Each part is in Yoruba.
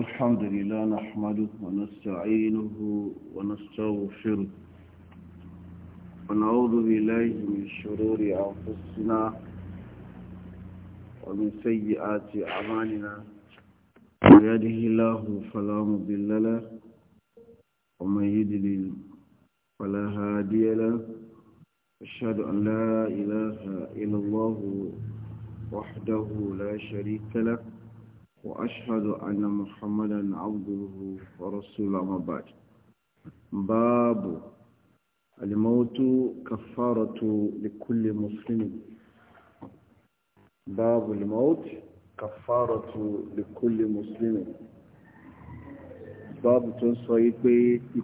الحمد لله نحمده ونستعينه ونستغفره ونعوذ بالله من شرور أنفسنا ومن سيئات أعمالنا ويده الله فلا مضل له ومن يدلل فلا هادي له أشهد أن لا إله إلا الله وحده لا شريك له وأشهد أن محمدا عبده ورسوله ما بعد باب الموت كفارة لكل مسلم باب الموت كفارة لكل مسلم باب tó ń sọ yìí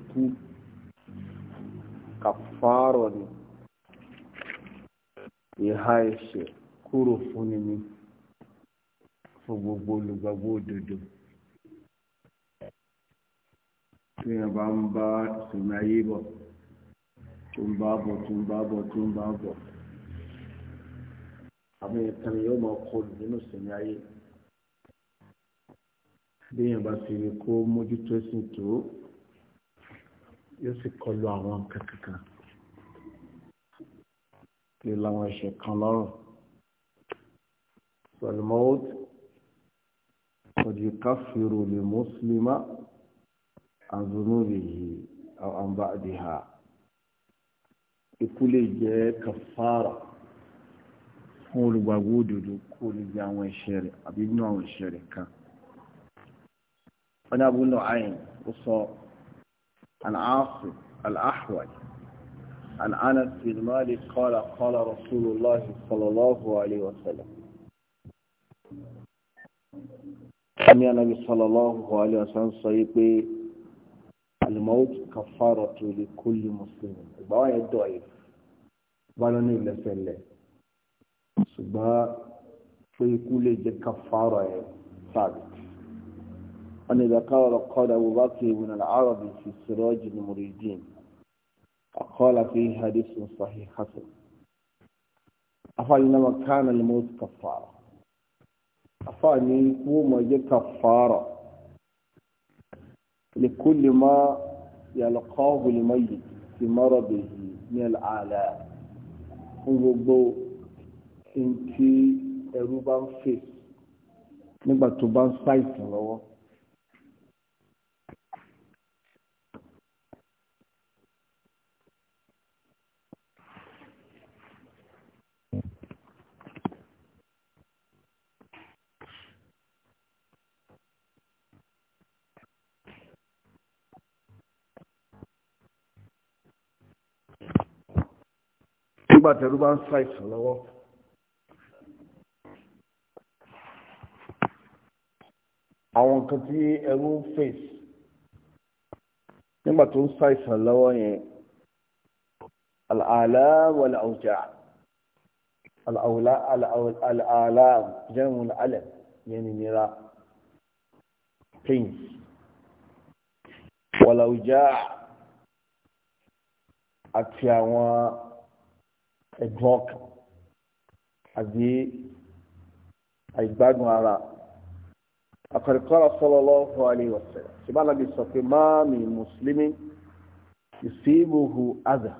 كروفوني. ikú fún gbogbo olùgbàgbọ́ òdodo tí wọ́n bá ń bá ìsinmi ayé bọ̀ tó ń bá bọ̀ tó ń bá bọ̀ tó ń bá bọ̀ àwọn ìtàn yóò máa kọlù nínú ìsinmi ayé bí èèyàn bá ti rí kó mójútó sí tó yóò sì kọlù àwọn kankankan kí làwọn ẹ̀ṣẹ̀ kan lọ́rùn pẹ̀lú قد يكفر لمسلم عن ذنوبه أو عن بعدها ikú lè jẹ́ kàfàrà fún olùgbàgbọ́ òdodo kó lè jẹ́ àwọn ẹ̀ṣẹ̀ rẹ̀ àbí inú àwọn ẹ̀ṣẹ̀ rẹ̀ kan wọ́n dábò náà ayin ó sọ al'aṣù al'ahwal al'anas bin malik qala qala rasulullah sallallahu alaihi wasallam ní anábì sallallahu alaihi wasallam sọ yìí pé al-maut kaffaratu li kulli muslimin ìgbà wà yẹn dọ̀ yìí bá lọ ní ìlẹ́sẹ̀lẹ̀ ṣùgbọ́n pé ikú lè jẹ́ kàfàrà ẹ̀ sáàbì wọn ìgbà káwọ̀rọ̀ kọ́dà Abubakar ibn al-Arabi fi Siraj al-Muridin أقال في حديث صحيح حسن أفعل إنما كان الموت كفارة afá ní wọ́n mọ̀ jẹ́ kàfàrà lè kó lè má yàlọ́kọ́ òhùlè má yìí ti mọ́rọ̀ bèyí ní àlà fún gbogbo ntí ẹrú bá ń fèsì nígbà tó bá ń ṣàìsàn lọ́wọ́. nígbà tẹ̀rù bá ń ṣàìsàn lọ́wọ́ àwọn nǹkan tí ẹrú ń fèsì nígbà tó ń ṣàìsàn lọ́wọ́ yẹn àlàálà wal awja' àlàálà alẹ́ yẹn ni nira pains wal awja' àti àwọn ẹ̀dùn ọkàn àbí àìgbádùn ara àkàrẹ̀kọ́ra sallallahu alaihi wasallam ṣìbálàbí sọ pé máa mi mùsùlùmí ìsìnbùhù àdà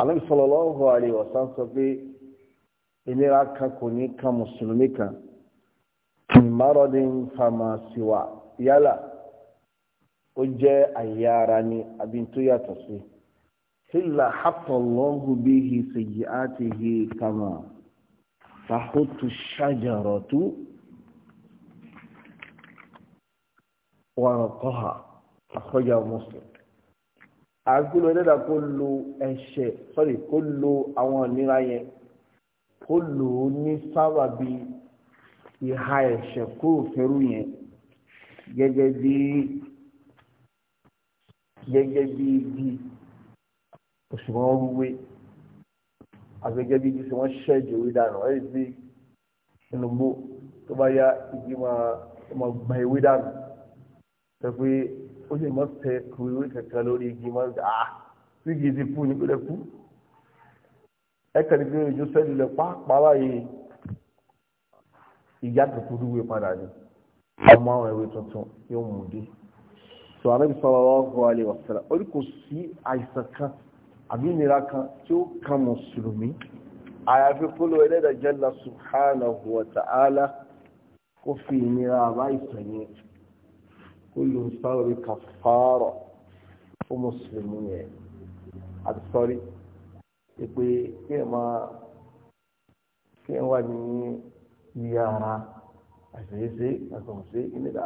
àlẹ́ sallallahu alaihi wasallam sọ pé ìnira kan kò ní kan mùsùlùmí kan ìmárọ̀dín fàmásíwà yálà ó jẹ́ àyà ara ni àbí tó yàtọ̀ sí i hila hatallahu bihi sayyiatihi kama tahutu shajaratu warqaha akhoja muslim agulu ẹlẹ́dà kó lo ẹ̀ṣẹ̀ sọ́rí kó lo àwọn ìnira yẹn kó lò ó ní sábàbí ìhà ẹ̀ṣẹ̀ kó fẹ́rù yẹn gẹ́gẹ́ bí gẹ́gẹ́ bí igi òṣùwọ̀n wíwé àgbẹ̀gẹ́ bí igi sí wọ́n ṣẹ́jọ orí dànù ẹ̀ sí ìnùgbò tó bá yá igi máa gbọ̀n ewé dànù sọ pé ó lè mọ́ tẹ ku ewé kankan lórí igi máa ń gbà á sí ah, igi ti kú ní pẹ̀lẹ́ kú ẹ kàní pé ojú sẹ́ni lẹ pàápàá báyìí ìyá tuntun wíwé padà ni ọmọ àwọn ewé tuntun yóò mú un dé sọ àmì sọ wọn wọn kọ alẹ wàsálà ó ní kò sí àìsàn kan àbí ìnira kan tí ó kan mùsùlùmí àyàfi fúlò ẹlẹ́dàá jalla subhanahu wa ta'ala kó fi ìnira àbá ìsẹ̀yìn kó lò sáré kàfàárà fún mùsùlùmí yẹn àti sọ́rí pé kí ẹ máa kí ẹ wà ní yàrá àṣeyẹsẹ àtọ̀nṣe ìnira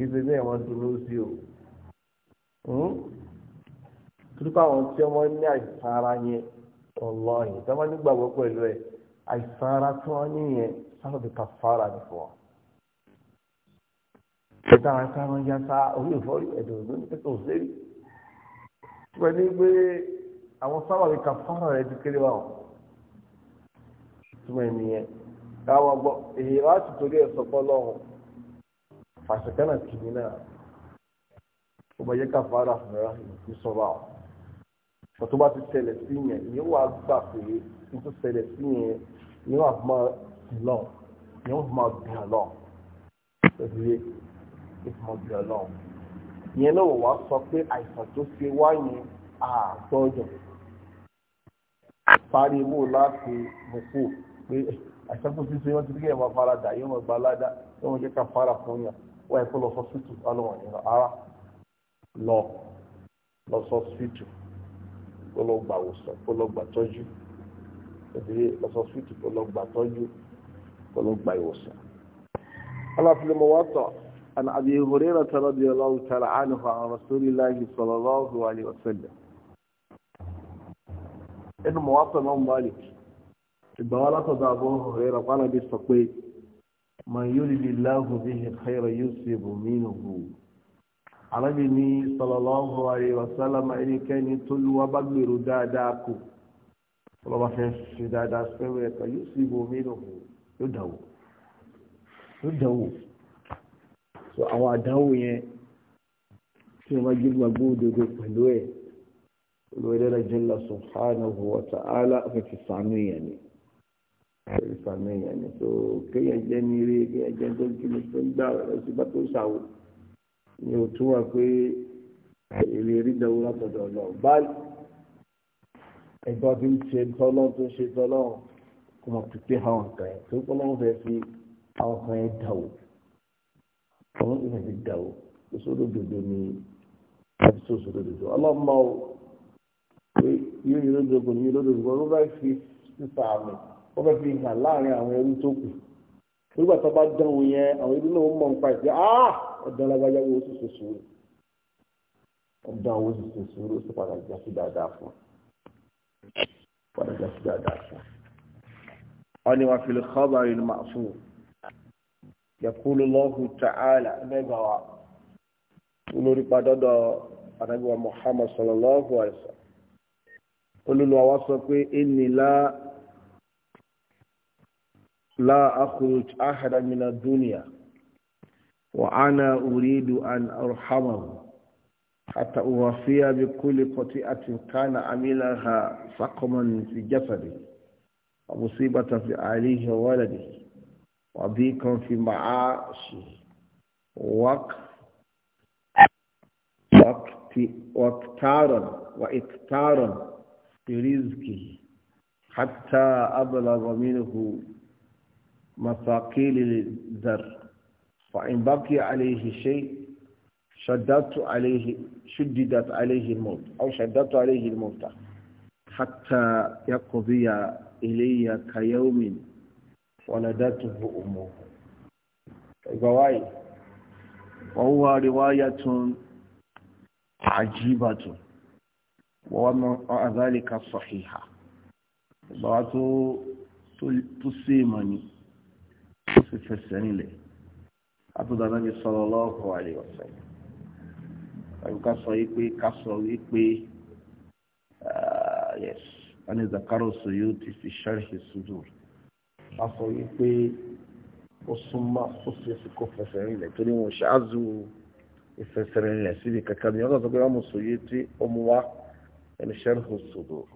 ìgbésẹ̀ náà wọ́n dúró sí o. Hmm? torípa àwọn tí wọ́n ní àìsàn ara yẹn ọ̀lọ́ yẹn tí wọ́n nígbàgbọ́ pẹ̀lú ẹ̀ àìsàn ara tí wọ́n ní yẹn sábàbí ká fara ní fún wa. ìta àwọn tí wọ́n yá sá orí ìfọ́rí ẹ̀dọ̀ òdò ní pẹ́tọ́ òṣèré. wọ́n ní pé àwọn sábàbí ká fara rẹ̀ ti kéré wa túmọ̀ ẹ̀ nìyẹn káwọn gbọ́ èyí láti torí ẹ̀ sọ́kọ́ lọ́hùn fàṣẹkánà kìnnìún ó bá yẹ ká fara fún ẹ àwọn tó bá ti ṣẹlẹ̀ sí yẹn ìyẹn wà gbà pé n tó ṣẹlẹ̀ sí yẹn ìyẹn wà máa dùn lọ ìyẹn wà máa dùn lọ pẹ̀lú yẹn ìyẹn máa dùn lọ ìyẹn náà wà sọ pé àìsàn tó ṣe wá yẹn àgbọ̀dọ̀ parí owó láti mọ̀kó pé àìsàn tó ṣe ṣe wọ́n ti rí ẹ̀wọ̀n farada yóò wọ́n gba ládá yóò wọ́n jẹ́ ká fara fún yàn wọ́n ẹ̀kọ́ lọ sọ sítù alọ́ wọ̀nyí lọ lọ sọ sítù kó lọ gbà wòsàn kó lọ gbà tọ́jú òdìrí lọ́sọ̀sìtì kó lọ gbà tọ́jú kó lọ gbà ìwòsàn. aláfilẹ̀ mọ̀ wá tọ̀ an abi hurera tara bi allah ta'ala anhu an rasulillahi sallallahu alaihi wasallam inu mo wa tọ̀ mọ́ malik ìgbàwá látọ̀dọ̀ àbọ̀ hurera kwana sọ pé man yóò láhùn bí khayra yusibu minhu alábi ní sallallahu alaihi wasallam ẹnikẹ́ni tó lúwa bá gbèrò dáadáa kù ọlọ́ba fẹ́ ṣe dáadáa sẹ́wọ̀n ẹ̀ka yóò sì bò mí nù yóò dàwó yóò dàwó so àwọn àdánwò yẹn tí wọ́n bá jí gbàgbọ́ òdodo pẹ̀lú ẹ̀ olùwẹ̀dẹ́rẹ́ jalla subhanahu wa ta'ala fẹ́ ti sànú yẹn ni fẹ́ sànú yẹn ni so kéèyàn jẹ́ ní eré kéèyàn jẹ́ tó tó ń gbà rẹ̀ lọ́sibá tó ń ṣàwò ni ò túmọ̀ pé èrè rí dẹ̀wò látọ̀dọ̀ lọ báyìí ẹ̀gbọ́n tí ń ṣe tọ́lọ́ tó ń ṣe tọ́lọ́ kò mọ̀ pípé àwọn kan yẹn tó kọ́ lọ́wọ́ fẹ́ fi àwọn kan yẹn dàwó àwọn kan yẹn fi dàwó òṣòro dòdò ni àti sòṣòro dòdò ọlọ́mọ o pé yóò yóò dòdò ni yóò dòdò wọ́n bá fi sísà àmì wọ́n bá fi hàn láàrin àwọn ẹrú tó kù nígbà tó bá dánwò yẹn àwọn ẹrú náà mọ̀ nípa ìgbà áà ọ̀dọ́ alágbáyáwó ó sì ṣe sùúrù ọ̀dọ́ àwọn ó sì ṣe sùúrù ó sì padà já sí dáadáa fún padà já sí dáadáa fún. wọ́n ní wàá fi lè kọ́ fún yakulu lọ́hù ta'ala mẹ́gbàá wa olórí padọ́dọ̀ àdágbà Muhammad sallallahu alaihi wasallam olùlọ́ wa sọ pé inni la la akhruj ahada وأنا أريد أن أرحمه حتى أوفي بكل خطيئة كان عملها سقما في جسده ومصيبة في أهله وولده وضيقا في معاشه وقت واكتارا واكتارا رزقه حتى أبلغ منه مثاقيل الذر فإن بقي عليه شيء شددت عليه شددت عليه الموت أو شددت عليه الموت حتى يقضي إلي كيوم ولدته أمه رواية وهو رواية عجيبة ومع ذلك صحيحة ضعته تسيمني تفسرني له àtúndà Ànábì sallallahu alaihi wasallam àbí ká sọ wípé ká sọ wípé ah, yes wọ́n ní Zakaru Suyuti fi Sharhi Sudur ká sọ wípé ó súnmọ́ ó sì fi kó fẹsẹ̀ rinlẹ̀ torí wọn ṣáàzù ìfẹsẹ̀ rinlẹ̀ síbi kankan ni wọ́n sọ pé wọ́n mú Suyuti ó mú wá ẹni Sharhi Sudur.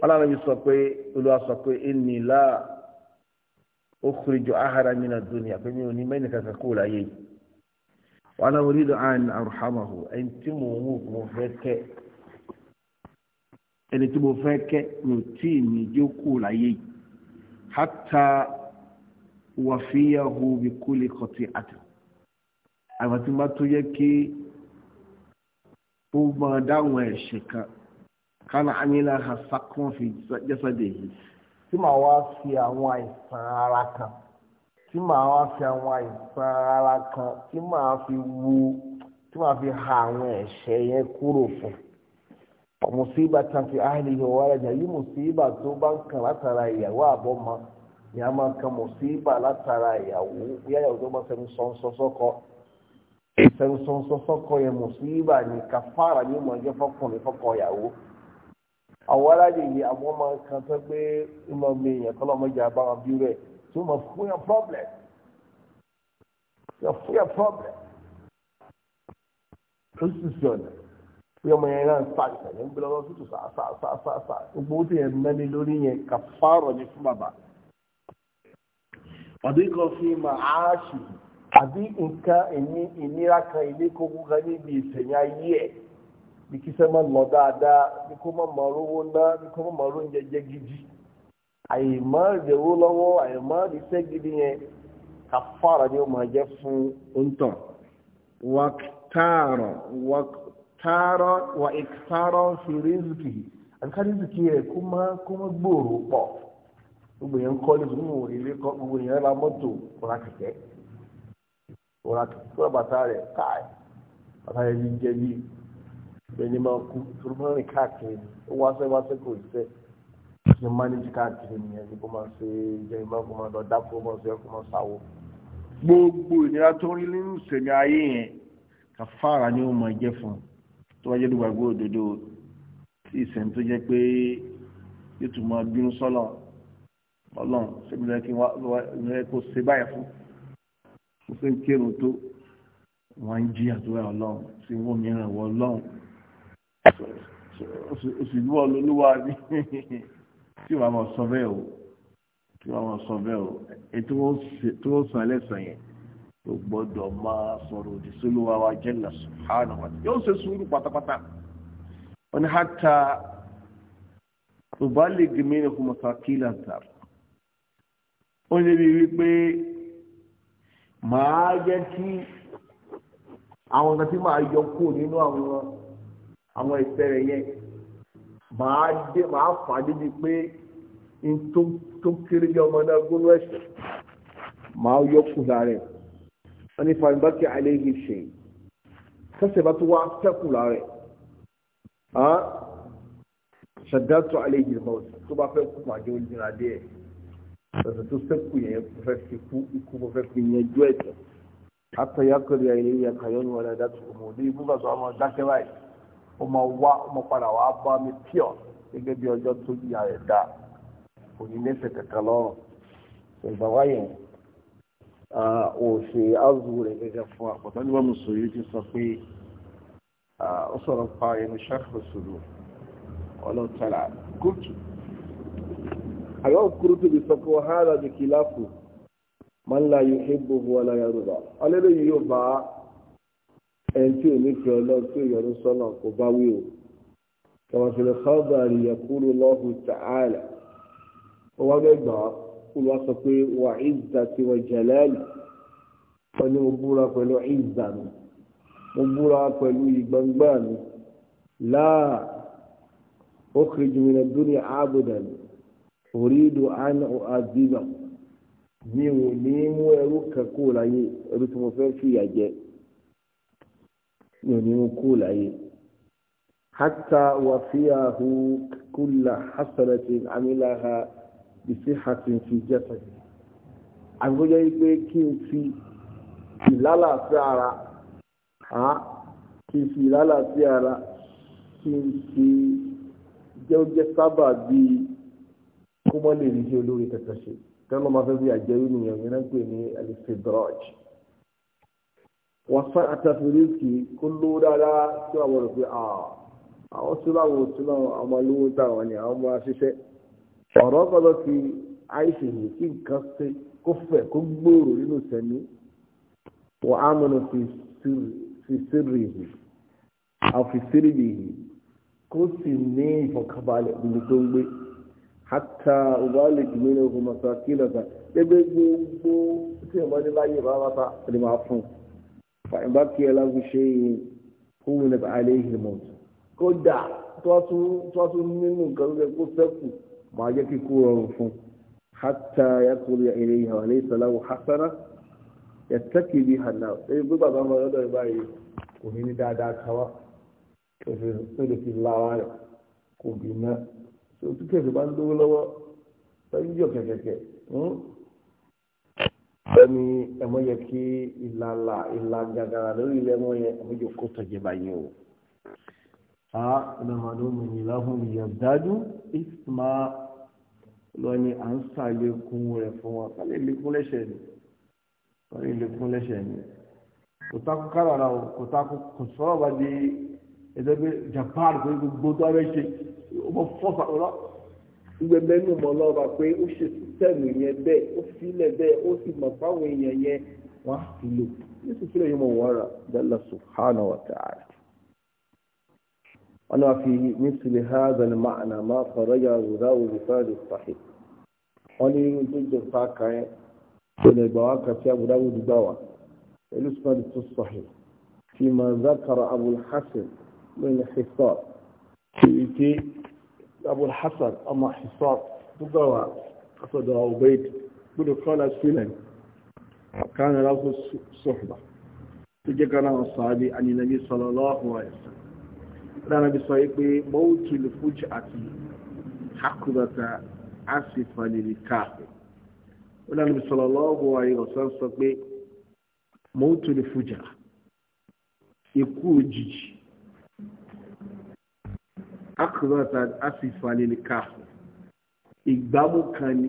wọ́n lára mi sọ pé olúwa sọ pé ìnìlá. أخرج أهلا من الدنيا فمن من تقول أيه وأنا أريد أن أرحمه أنت موك مفك أنت مفك نتيني جوكول أيه حتى وفيه بكل قطيعة أما تمتو يكي فما دعوة الشكا كان عملها سقم في جسده tí màá wá fi àwọn àìsàn ara kan tí màá fi ha àwọn ẹ̀ṣẹ̀ yẹn kúrò fún mùsíbà tán fi ahlihi wa waladihi yìí mùsíbà tó bá ń kàn látara ìyàwó àbọ̀mọ́ ni a máa ń kan mùsíbà látara ìyàwó bí àyàwó tó bá sẹ́nu sọ́nsọ́sọ́kọ yẹn kàfàrà àwọn aráàlú yìí àwọn ọmọ kan fẹ́ pé ìmọ̀ mi èèyàn kọ́ lọ́mọ ìjà bá wọn bí rẹ̀ tí mọ̀ fún yẹn problem yẹn fún yẹn problem ó sì sí ọ̀nà pé náà fa ìsàlẹ̀ ń gbé lọ́wọ́ tútù gbogbo ó ti yẹn mẹ́ni lórí yẹn kà fárọ̀ fún bàbá fi bí kíṣẹ́ má lọ dáadáa bí kó má mọ rówó ná bí kó má mọ rówó jẹjẹ gidi àyèmọ́ ìdẹ̀wó lọ́wọ́ àyèmọ́ ìṣẹ́ gidi yẹn kàfàrà ni ó máa jẹ́ fún òǹtọ̀ wàktàrọ̀ wàktàrọ̀ wà ìktàrọ̀ fi rìzìkì àbíká rìzìkì rẹ̀ kó má kó má gbòòrò pọ̀ gbogbo yẹn ń kọ́lé gbogbo òrèlé kọ́ gbogbo yẹn ra mọ́tò kóra kẹ̀kẹ́ kóra bàtà rẹ̀ káì bàtà rẹ̀ ní jẹ́ bíi bẹ́ẹ̀ ni máa kú turumọ́rin káàkiri ni ó wáṣẹ́ wáṣẹ́ kò jẹ́ ṣe mánéjì káàkiri nìyẹn ni kó máa ṣe jẹun máa kó máa lọ dáko máa ṣe kó máa ṣàwọ. gbogbo ìnira tó rí nínú ìṣẹ̀lẹ̀ ayé yẹn kàfàrà ni ó máa jẹ́ fún un tó wájú dùgbàgbọ́ òdodo tí ìsẹ̀n tó jẹ́ pé yóò tún máa bínú sọ́lọ̀ ọlọ́run ṣébi lọ́yẹ kí wọ́n kó ṣe báyìí fún kó ṣe ń kírun tó wọ́n ń jìyà tó ọlọ́run tí wọ́n mìíràn wọ ọlọ́run òṣèlú ọlọ́lúwa ni tí wàá mọ̀ sọ bẹ́ẹ̀ o tí wàá mọ̀ sọ bẹ́ẹ̀ o ètò wọn sàn lẹ́sàn yẹn tó gbọ́dọ̀ máa sọ̀rọ̀ òdì sólúwa wa jalla subhanahu wa ta'ala yóò ṣe sùúrù pátápátá wọn ni hàtà tó bá lè gbẹmí ní kò mọ̀ta kí lantar ó ní bí wípé màá jẹ́ kí àwọn kan tí màá yọ kúrò nínú àwọn àwọn ìbẹ̀rẹ̀ yẹn màá fà débi pé n tó kéré bí ọmọ náà gbóná ẹ̀ṣẹ̀ màá yọ kùnà rẹ̀ wọ́n ní fàmì bákì àìlèyé ṣe kẹsẹ̀ bá tó wá sẹ́kùnà rẹ̀ ṣàdátọ̀ àìlèyé mọ́ọ̀sì tó bá fẹ́ kú màjọ òjìnà díẹ̀ ọ̀sẹ̀ tó sẹ́kù yẹn kò fẹ́ fi kú ikú kò fẹ́ fi yẹn jó ẹ̀tọ́ àtọ̀yàkọ̀rẹ̀ àìlèyé kàyọ́nù ọ̀dà dátù ọmọ òde ibùgbàtọ̀ ọmọ dákẹ́ báyìí ó máa wá ó máa padà wá bá mi pure gẹ́gẹ́ bí ọjọ́ tó yí ara ẹ̀ dá kò ní lẹ́sẹ̀ kankan lọ́rùn ìgbà wáyé ò ṣe áàzù rẹ̀ gẹ́gẹ́ fún àpọ̀tán níwọ̀n mùsùlùmí ti sọ pé ó sọ̀rọ̀ pa ẹnu ṣàkóso ọlọ́tara gúrùtù àwọn gúrùtù bí sọ pé wàhálà bí kìláàfù máa ń la yóò ṣe gbogbo ọlọ́yà rúbà ọlẹ́lẹ́yìn yóò bá ẹni tí ò ní fi ọlọ́run tí ò yọnu sọ́nà kò bá wí o kàwáṣẹlẹ káwọ́dà àríyàkúrò lọ́hùn tààlà ó wá mẹ́gbà olùwà sọ pé wà ìzà tí wọ́n jẹ̀lẹ́lì wọ́n ní mo búra pẹ̀lú ìzà mi mo búra pẹ̀lú ìgbọ̀ngbà mi láà ó kiri jùmínà dúnìá àbùdà mi orídùn àná àdìbà mi ò ní mú ẹrú kankan láyé ẹrú tí mo fẹ́ fìyà jẹ mi ò ní mú kú láyé hátà wà fi àhú kúlà hásàlẹ̀tì amíláha ìsí hàtì fi jẹ́sẹ̀ àgbójẹ́ wípé kí n fi ìlálàáfíà ara kí n fi ìlálàáfíà ara kí n fi jẹ́ sábà bíi kó mọ́ lè olórí kẹta ṣe tẹ́lọ́ máa fẹ́ bí àjẹrí nìyẹn yẹn náà ń ní alifidraj wàsá àtàfẹ́rẹ́sì kó ló dára tí wà wọ́n rẹ̀ pé àwọn síláwò síláwò àwọn olówó táwọn ni àwọn máa ṣiṣẹ́ ọ̀rọ̀ ọ̀gọ́dọ̀ fi àìsàn yìí kí nǹkan ṣe kó fẹ̀ kó gbòòrò nínú sẹ́ni wọ́n á mọ̀nà fi sírì yìí àfi sírì yìí kó sì ní ìfọ̀kàbalẹ̀ níbi tó ń gbé hata ọgbàlè jùmínú ogun masakínà kan gbẹgbẹ gbogbo tí ìmọ̀ fàyìn bá kí ẹ lágùn ṣe fún ilẹ̀ alẹ́ ìhìmọ̀ kódà tọ́tún nínú nǹkan tó kó sẹ́kù máa jẹ́ kíkó rọrùn fún hátà yàtúrú ilẹ̀ ìhàn alẹ́ ìsàláwò hasana yàtàkì bí hànà ẹni pé bàbá ọmọ ọlọ́dọ̀ ìbáyìí kò ní ní dáadáa káwá tó lè fi láwa rẹ̀ kò bì náà tó kẹfì bá ń lówó lọ́wọ́ tó ń yọ kẹ̀kẹ̀kẹ̀ hmm? ẹni ẹmọ yẹ kí ìlàlà ìlàgàgàrà lórí ilẹ̀ ẹmọ yẹ ẹmọ yẹ kó tọ̀jẹ̀ báyìí o. a ìlànà òmìnir láhùn ìyàdájú ìsìnmá lọ ni à ń sàlékún rẹ̀ fún wa kálí lékún lẹ́sẹ̀ ni kálí lékún lẹ́sẹ̀ ni kò takú kárara o kò takú kò sọ̀rọ̀ bá di ẹ̀dẹ́ pé japan kò gbogbo abẹ́ ṣe ọmọ fọ́sà ọ̀rọ̀ ìgbẹ́mẹ́nu mọ́ lọ́ba pé ó ṣètò sísẹ́mù yẹn bẹ́ẹ̀ ó sílẹ̀ bẹ́ẹ̀ ó sì mọ̀ fáwọn èèyàn yẹn wọ́n á fi lò ní sì sílẹ̀ yìí mọ̀ wọ́n rà dalla subhanahu wa ta'ala. wọ́n náà fi mísìlẹ̀ ha al-ma'na ma fara ya kharaja rúdáwò rúfáàdì sahih. wọ́n ní irú tó jẹ fáàkà yẹn tó lè gbà wá kà kàtí àbúdáwò dùgbà wá pẹ̀lú sùpàdì tó sahih. فيما ذكر أبو الحسن من الحصار في أبو الحسن أما حصار ضدها أصدى عبيد بن قال سنن كان له صحبة تجكنا الصحابي عن النبي صلى الله عليه وسلم لا نبي صحيح موت الفجعة حقبة عصفة للكافر ولا نبي صلى الله عليه وسلم صحيح موت الفجعة ikú òjijì akọ̀rọ̀ta asìfà lè káàkiri ìgbámú kan ni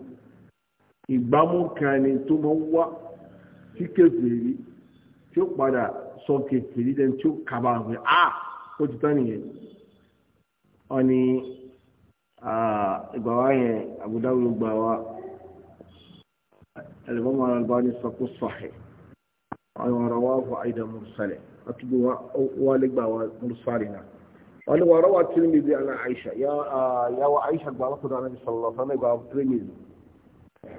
ìgbámú kan ni tó máa ń wá tí kèfèrí tí ó padà sọ kèfèrí dẹni tí ó kaba pé a ó ti tán nìyẹn wọn ni ìgbà wa yẹn àbúdáwò gbà wá ẹlẹ́gbọ́n máa ń bá ní sọ́kú sọ̀hẹ́ àwọn ọ̀rọ̀ wa fọ àìdá mùsàlẹ̀ àtúgbò wa lè gbà wá mùsàlẹ̀ náà. wani wa rawa tirmidhi ana aisha ya ya wa aisha gba ko da nabi sallallahu alaihi wasallam gba tirmidhi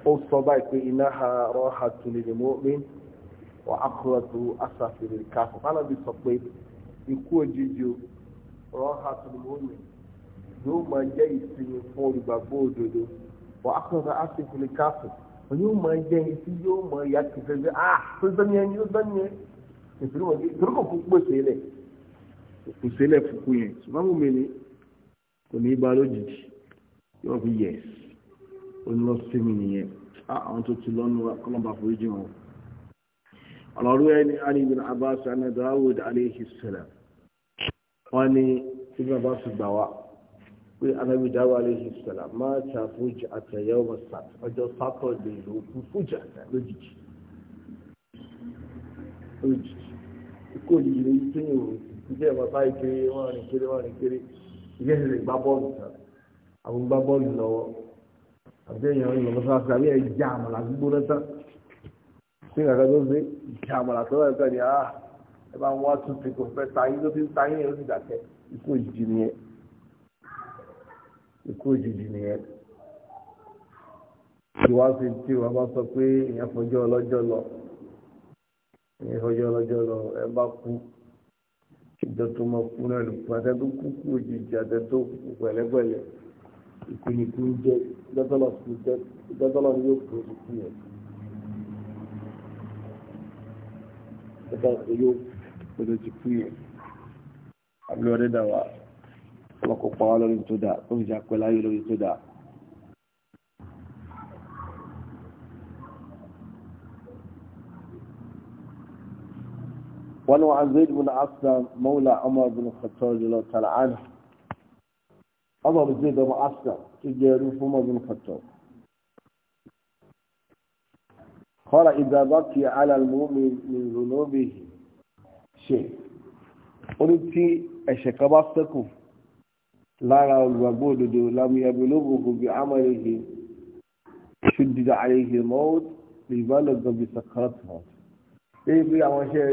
ó sọ báyìí pé innaha rahatun lil mu'min wa akhratu asafi lil bi sọ pé ikú òjijì rahatun lil mu'min yóò máa jẹ́ ìsinmi fún olùgbàgbọ́ òdodo wa akhratu asafi lil ah òkú sílẹ̀ fúkú yẹn ṣùgbọ́n mo mẹ́ni kò ní í ba lójijì yóò fi yẹs ó ń lọ sí mi nìyẹn àwọn tó ti lọ́nu kọ́lọ́mbà foríjì wọn. ọ̀lọ́rú ẹni Ali ibn Abbas ana Dawud alayhi salam wọ́n ní ibn Abbas gbà wá pé anabi Dawud alayhi salam máa ta fújì àtẹ̀yẹ́ ọmọ sat ọjọ́ sátọ̀dẹ̀ ló kú fújì àtẹ̀ lójijì. lójijì kò yí lóyún tó yẹ iṣẹ́ ìwọ̀sá ìkiri wọ́n rìn kiri wọ́n rìn kiri iṣẹ́ ìṣẹ̀lẹ̀ gbá bọ́ọ̀lù tán àwọn gbá bọ́ọ̀lù lọ́wọ́ àti èèyàn ìlú mọ́sáàsì àbí ẹ̀ já àmàlà gbígbóná tán sí ìrìnàjò tó ṣe já àmàlà tó wà ni a ah, ẹ bá ń wá tún ti kò fẹ́ tayín ló fi ń tayín ó sì dàkẹ́ ikú ìjọ tó mọ kú náà ló kú àtẹ́tó kú kú òjijì àtẹ́tó kú pẹ̀lẹ́pẹ̀lẹ́ ìpínìkú ń jẹ́ ìdọ́tọ́lọ́ ni yóò kú oṣù kú yẹn. ìdọ́tọ́lọ́ yóò kú oṣù kú yẹn. àbúrò ọdẹ dà wá ọlọ́kọ̀ pa wá lórí tó dáa ó fi ṣàpẹ́ láyé lórí tó dáa. وأنا عن زيد بن عاصم مولى عمر بن الخطاب رضي الله تعالى عنه عمر بن زيد بن عاصم تجاروف عمر بن الخطاب قال إذا بقي على المؤمن من ذنوبه شيء قلت أشكبا سكو lára olùgbàgbọ́ òdodo lámúyàbílógógó bí amọ̀lẹ́gẹ́ ṣùdìdà àlẹ́gẹ́ mọ́ọ́d lè bá lọ́gọ́ bí sàkàtà lẹ́yìn pé àwọn iṣẹ́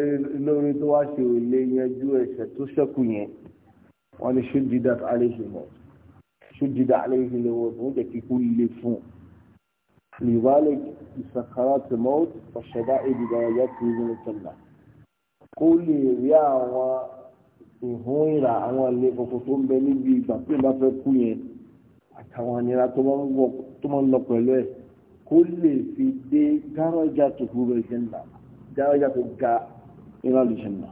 lórí tó wá ṣe ò lè yanjú ẹ̀ṣẹ̀ tó ṣẹ́kù yẹn wọ́n ní ṣúdídà aléṣèmọ̀ ṣúdídà aléṣèlówó tó ń jẹ́ kíkú lè fún lèwálé ìsàkárà tèmọ́ ọ̀ṣẹ̀dá ìdìbò ẹ̀yà tó ń lè tẹ̀lá kó lè rí àwọn ìhún ìrà àwọn ilé kọ̀ọ̀kan tó ń bẹ níbi ìgbà tó bá fẹ́ kú yẹn àtàwọn ànira tó máa ń lọ pẹ̀lú ẹ̀ kó lè fi dé gárọ́jà tó kúrò ìjẹ́ ńlá dáwọ́jà tó ga nínú àlùjànnà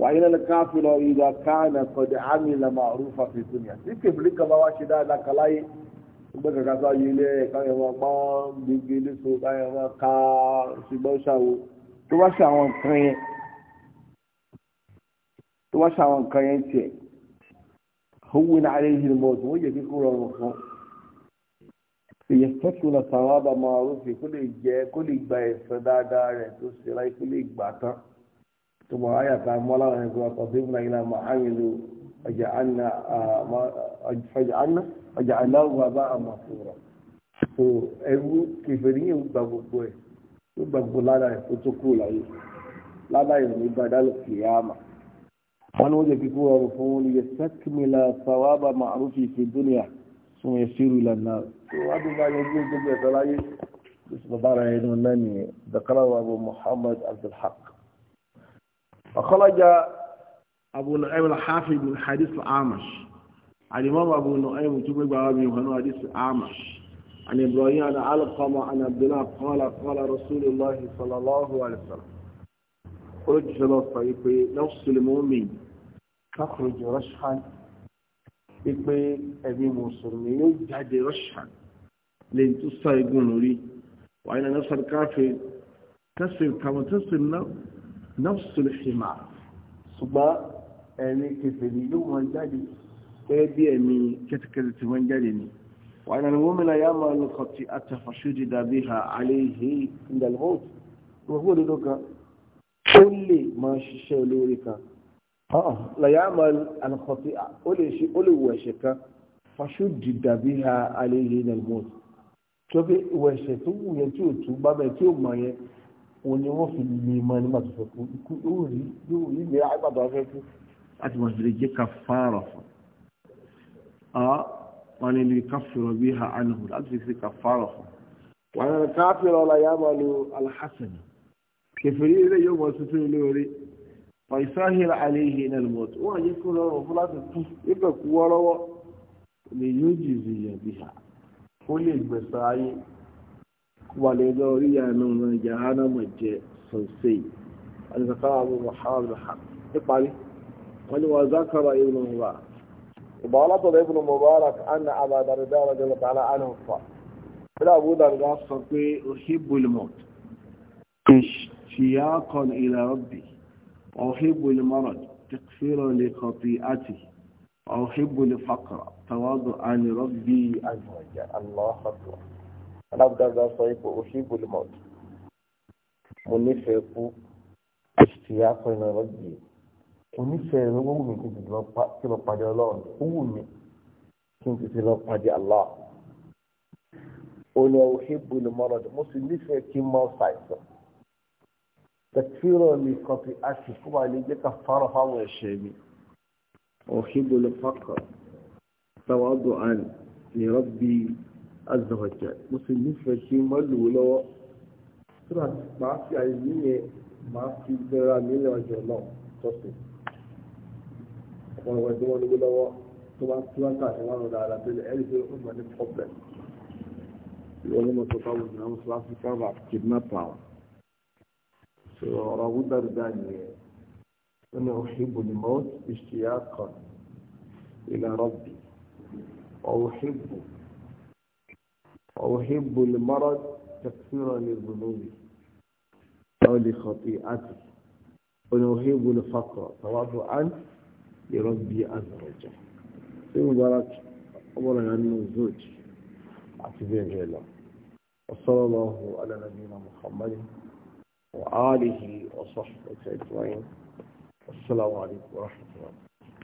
wàyí lẹ́nu káfí lọ ìgbà káàna kọ̀dé àmì ìlànà àrùfà fi tó ní àti kèfìlì kan bá wá ṣe dáadáa kan láyé gbé kàkà sọ yìí lé káyọ̀ wọn pa gbígbé lẹ́sọ̀ káyọ̀ wọn ká ṣùgbọ́n ṣàwò tó wá ṣe àwọn nǹkan yẹn tó wá ṣe àwọn nǹkan yẹn tiẹ̀ owó ní alẹ́ yìí ni mo tún ó yẹ kí kó rọrùn fún un èyàn fẹ́kùnà sàwábà máa rúfin kó lè jẹ́ kó lè gba ẹ̀san dáadáa rẹ̀ tó ṣe láì kó lè gbà tán tó mọ̀ ayàtà mọ́lá rẹ̀ kó wà pàṣẹ fún àyìnlá máa hàmìlú ọjà aláwọ̀ bá àmà fúnra tó ẹrú kẹfẹ́rí yẹn gba gbogbo ẹ̀ tó gba gbogbo lára ẹ̀ tó tó kúrò láyé lára ẹ̀ ní gbadálò kìyàmà wọn ni wọ́n jẹ́ kíkó ọrùn fún yẹ sẹ́kìmìlà sàwábà máa rúfin fi tó wá bí báyọ̀ gbé gbogbo ẹ̀sọ́ láyé bàbára ẹnu náà ni dàkàràwà abu muhammad abdulhaq ọ̀kọ́lọ́jà abu nu'aym al-hafiz min hadith al-amash alimam abu nu'aym tó gbé gbàwá mi wọn hadith al-amash عن إبراهيم عن علقمة عن عبد الله قال قال رسول الله صلى الله عليه وسلم خرج في الصيف نفس المؤمن تخرج رشحا pípé ẹ̀mí mùsùlùmí yóò jáde rọ́ṣà lè tún sá egun lórí wàá iná nọ́ọ̀sì káfíń tẹ́sí kàwọn tẹ́sí nọ́ọ̀sì ìhìmà ṣùgbọ́n ẹ̀mí kẹfẹ́ni yóò wọ́n jáde gẹ́gẹ́ bí ẹ̀mí kẹ́tẹ́kẹ́tẹ́ tí wọ́n jáde ni wàá iná ni gómìnà yà máa lọ kọ́ ti àtàfàṣúdì dàbí ha àlẹ́ ìhìn ìdàlmọ́ọ̀tì ìwọ̀n fún òdodo lè máa ṣiṣẹ́ olóore kan lẹ́yàmọ̀ àlùkọ́tì ó lè wọ ẹ̀ṣẹ̀ kan fàṣùdì dàbí ha àlejò ní ẹ̀gbọ́n tó fi wọ ẹ̀ṣẹ̀ tó wù yẹn tí ò tún bá bẹ́ẹ̀ tí ò mọ̀ yẹn òun ni wọ́n fi lè mọ nígbà tó fẹ́ kú ikú yóò rí yóò rí ìlera nígbà tó fẹ́ kú láti wọ́n fi lè jẹ́ ká fara fún wọn ni lè ká fèrò bí ha fi ká fara fún wọn ni ká fèrò lẹ́yàmọ̀ àlùkù alhassan kẹfìrí ilé yóò mọ̀ tuntun fàìsáhìrì àléhìn iná lọ́tò wọ́n yẹ kó lọ́rùn fún láti tú ibẹ̀ kú wọ́rọ́wọ́ lè yóò jì zìyà bí ha ó lè gbẹ̀sà ayé wà lè lọ rí àná náà jàhánà mà jẹ sọ̀nsẹ̀ àdìsàkàrà àbú muhammad ha ẹ parí wọ́n ni wà zákàrà ibùn mùbá ìbá wọn látọ̀dọ̀ ibùn mubarak anna abadàrídà àná fa ìdá àbú أحب المرض تكفير لخطيئتي أحب الفقر تواضعا لربي عز وجل الله أكبر أنا بقدر صيب أحب الموت منفق اشتياق لربي onífẹ̀ẹ́ rẹ̀ wọ́n wù mí kí n ti lọ pàdé ọlọ́run ó wù mí kí n ti lọ pàdé Allah ó ní ọ̀hìn bùnú mọ́rọ̀dù mo sì nífẹ̀ẹ́ kí n mọ́ ṣàìsàn تكفير لقطيئات كما لجي كفارة فاو الشيبي أحب الفقر تواضعا لربي عز وجل مسلم فشي ملو لو ترى ما في علمية ما في درامي لوجه الله تصل ọ̀pọ̀lọpọ̀ tí wọ́n ní lọ́wọ́ tó bá tí wọ́n tàbí wọ́n rọ̀ dáadáa tó lè ẹ̀rí pé ó mọ̀ ní problem. ìwọ́n ní mo sọ fáwọn ìgbìmọ̀ fúláfíkà wà kidnap àwọn ورابو درداني أنا أحب الموت اشتياقا إلى ربي وأحب وأحب المرض تكثيرا لظنوبي أو لخطيئتي أنا أحب الفقر تواضعا لربي عز وجل في مبارك أولا عن زوجي أعتبر الله وصلى الله على نبينا محمد وآله وصحبه أجمعين والسلام عليكم ورحمة الله